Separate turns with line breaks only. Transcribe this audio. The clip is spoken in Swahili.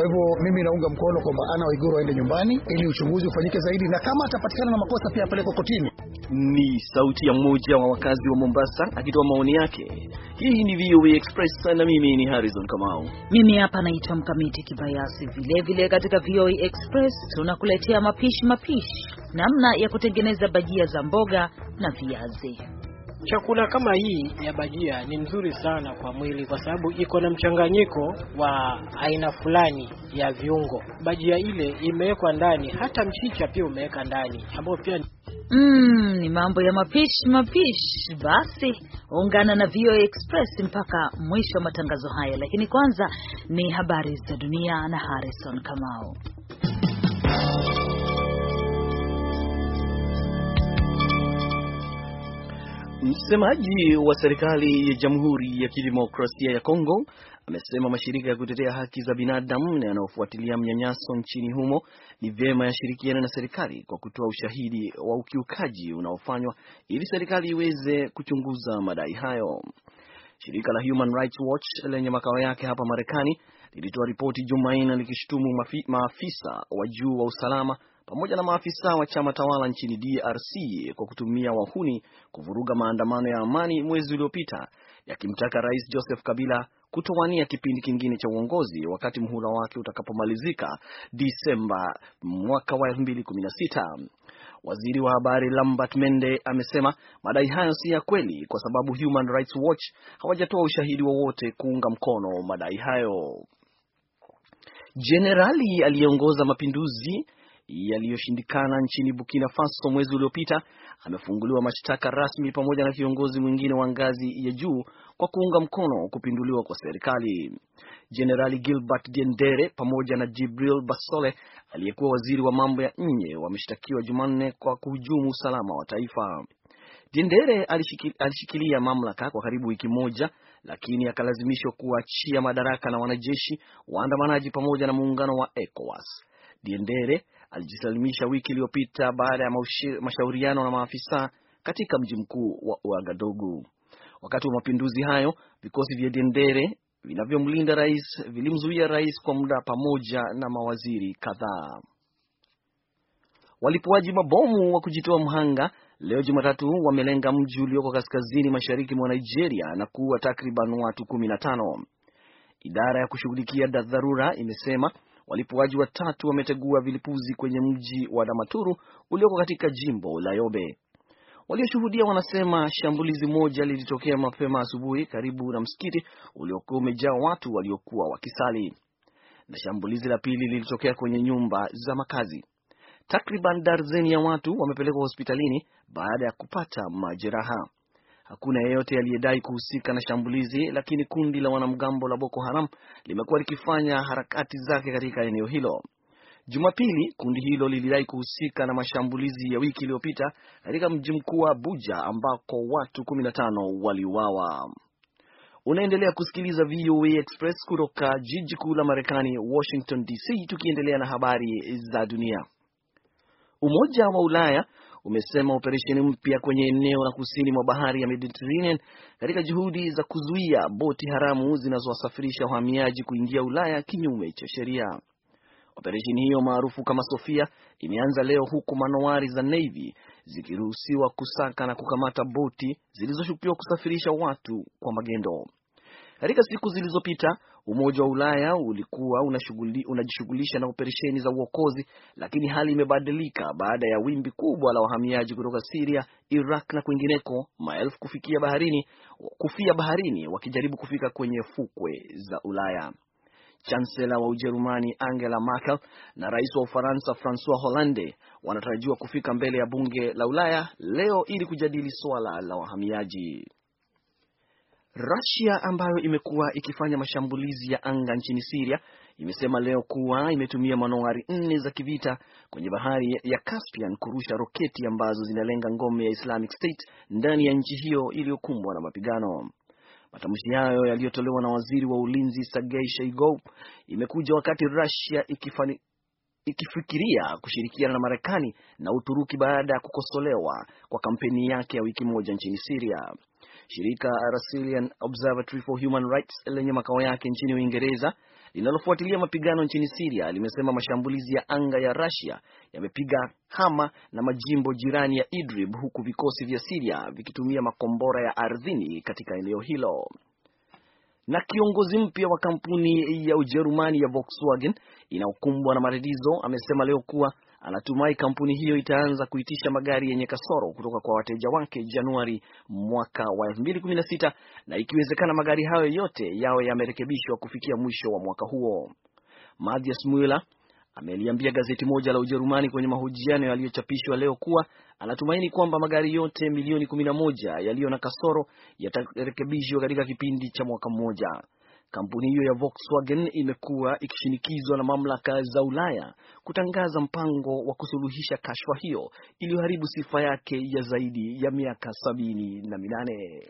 Kwa hivyo mimi naunga mkono kwamba ana Waiguru aende nyumbani ili uchunguzi ufanyike zaidi, na kama atapatikana na makosa pia apelekwe kotini. Ni sauti ya mmoja wa wakazi wa Mombasa akitoa maoni yake. Hii ni VOA Express na mimi ni Harrison Kamau. Mimi hapa naitwa Mkamiti Kibayasi. Vilevile katika VOA Express tunakuletea mapishi mapishi, namna ya kutengeneza bajia za mboga na viazi. Chakula kama hii ya bajia ni mzuri sana kwa mwili, kwa sababu iko na mchanganyiko wa aina fulani ya viungo. Bajia ile imewekwa ndani, hata mchicha pia umeweka ndani, ambayo pia Mm, ni mambo ya mapishi mapishi. Basi ungana na VOA Express mpaka mwisho wa matangazo haya, lakini kwanza ni habari za dunia na Harrison Kamau. Msemaji wa serikali ya Jamhuri ya Kidemokrasia ya Kongo amesema mashirika ya kutetea haki za binadamu na yanayofuatilia mnyanyaso nchini humo ni vyema yashirikiane na serikali kwa kutoa ushahidi wa ukiukaji unaofanywa ili serikali iweze kuchunguza madai hayo. Shirika la Human Rights Watch lenye makao yake hapa Marekani lilitoa ripoti Jumanne likishutumu maafisa wa juu wa usalama pamoja na maafisa wa chama tawala nchini DRC kwa kutumia wahuni kuvuruga maandamano ya amani mwezi uliopita yakimtaka Rais Joseph Kabila kutowania kipindi kingine cha uongozi wakati mhula wake utakapomalizika Disemba mwaka wa 2016. Waziri wa habari Lambert Mende amesema madai hayo si ya kweli kwa sababu Human Rights Watch hawajatoa ushahidi wowote kuunga mkono madai hayo. Jenerali aliyeongoza mapinduzi yaliyoshindikana nchini Burkina Faso mwezi uliopita amefunguliwa mashtaka rasmi pamoja na viongozi mwingine wa ngazi ya juu kwa kuunga mkono kupinduliwa kwa serikali. Jenerali Gilbert Diendere pamoja na Jibril Basole aliyekuwa waziri wa mambo ya nje wameshtakiwa Jumanne kwa kuhujumu usalama wa taifa. Diendere alishikilia mamlaka kwa karibu wiki moja, lakini akalazimishwa kuachia madaraka na wanajeshi, waandamanaji pamoja na muungano wa ECOWAS. Diendere alijisalimisha wiki iliyopita baada ya mashauriano na maafisa katika mji mkuu wa Uagadogu. Wakati wa mapinduzi hayo, vikosi vya Diendere vinavyomlinda rais vilimzuia rais kwa muda pamoja na mawaziri kadhaa. Walipuaji mabomu wa kujitoa mhanga leo Jumatatu wamelenga mji ulioko kaskazini mashariki mwa Nigeria na kuua takriban watu kumi na tano. Idara ya kushughulikia dharura imesema walipuaji watatu wametegua vilipuzi kwenye mji wa Damaturu ulioko katika jimbo la Yobe. Walioshuhudia wanasema shambulizi moja lilitokea mapema asubuhi karibu na msikiti uliokuwa umejaa watu waliokuwa wakisali, na shambulizi la pili lilitokea kwenye nyumba za makazi. Takriban darzeni ya watu wamepelekwa hospitalini baada ya kupata majeraha. Hakuna yeyote aliyedai kuhusika na shambulizi, lakini kundi la wanamgambo la Boko Haram limekuwa likifanya harakati zake katika eneo hilo. Jumapili, kundi hilo lilidai kuhusika na mashambulizi ya wiki iliyopita katika mji mkuu wa Abuja ambako watu 15 waliuawa. Unaendelea kusikiliza VOA Express kutoka jiji kuu la Marekani, Washington DC, tukiendelea na habari za dunia. Umoja wa Ulaya umesema operesheni mpya kwenye eneo la kusini mwa bahari ya Mediterranean katika juhudi za kuzuia boti haramu zinazowasafirisha wahamiaji kuingia Ulaya kinyume cha sheria. Operesheni hiyo maarufu kama Sofia imeanza leo huku manowari za Navy zikiruhusiwa kusaka na kukamata boti zilizoshukiwa kusafirisha watu kwa magendo. Katika siku zilizopita Umoja wa Ulaya ulikuwa unajishughulisha na operesheni za uokozi, lakini hali imebadilika baada ya wimbi kubwa la wahamiaji kutoka Siria, Iraq na kwingineko, maelfu kufikia baharini, kufia baharini wakijaribu kufika kwenye fukwe za Ulaya. Chansela wa Ujerumani Angela Merkel na rais wa Ufaransa Francois Hollande wanatarajiwa kufika mbele ya bunge la Ulaya leo ili kujadili swala la wahamiaji. Russia ambayo imekuwa ikifanya mashambulizi ya anga nchini Syria imesema leo kuwa imetumia manowari nne za kivita kwenye bahari ya Caspian kurusha roketi ambazo zinalenga ngome ya Islamic State ndani ya nchi hiyo iliyokumbwa na mapigano. Matamshi hayo yaliyotolewa na waziri wa ulinzi Sergei Shoigu imekuja wakati Russia ikifani ikifikiria kushirikiana na Marekani na Uturuki baada ya kukosolewa kwa kampeni yake ya wiki moja nchini Syria. Shirika la Observatory for Human Rights lenye makao yake nchini Uingereza linalofuatilia mapigano nchini Siria limesema mashambulizi ya anga ya Russia yamepiga Hama na majimbo jirani ya Idlib huku vikosi vya Siria vikitumia makombora ya ardhini katika eneo hilo. Na kiongozi mpya wa kampuni ya Ujerumani ya Volkswagen inayokumbwa na matatizo amesema leo kuwa Anatumai kampuni hiyo itaanza kuitisha magari yenye kasoro kutoka kwa wateja wake Januari mwaka wa 2016 na ikiwezekana magari hayo yote yawe yamerekebishwa kufikia mwisho wa mwaka huo. Mathias Müller ameliambia gazeti moja la Ujerumani kwenye mahojiano yaliyochapishwa leo kuwa anatumaini kwamba magari yote milioni 11 yaliyo na kasoro yatarekebishwa katika kipindi cha mwaka mmoja. Kampuni hiyo ya Volkswagen imekuwa ikishinikizwa na mamlaka za Ulaya kutangaza mpango wa kusuluhisha kashfa hiyo iliyoharibu sifa yake ya zaidi ya miaka sabini na minane.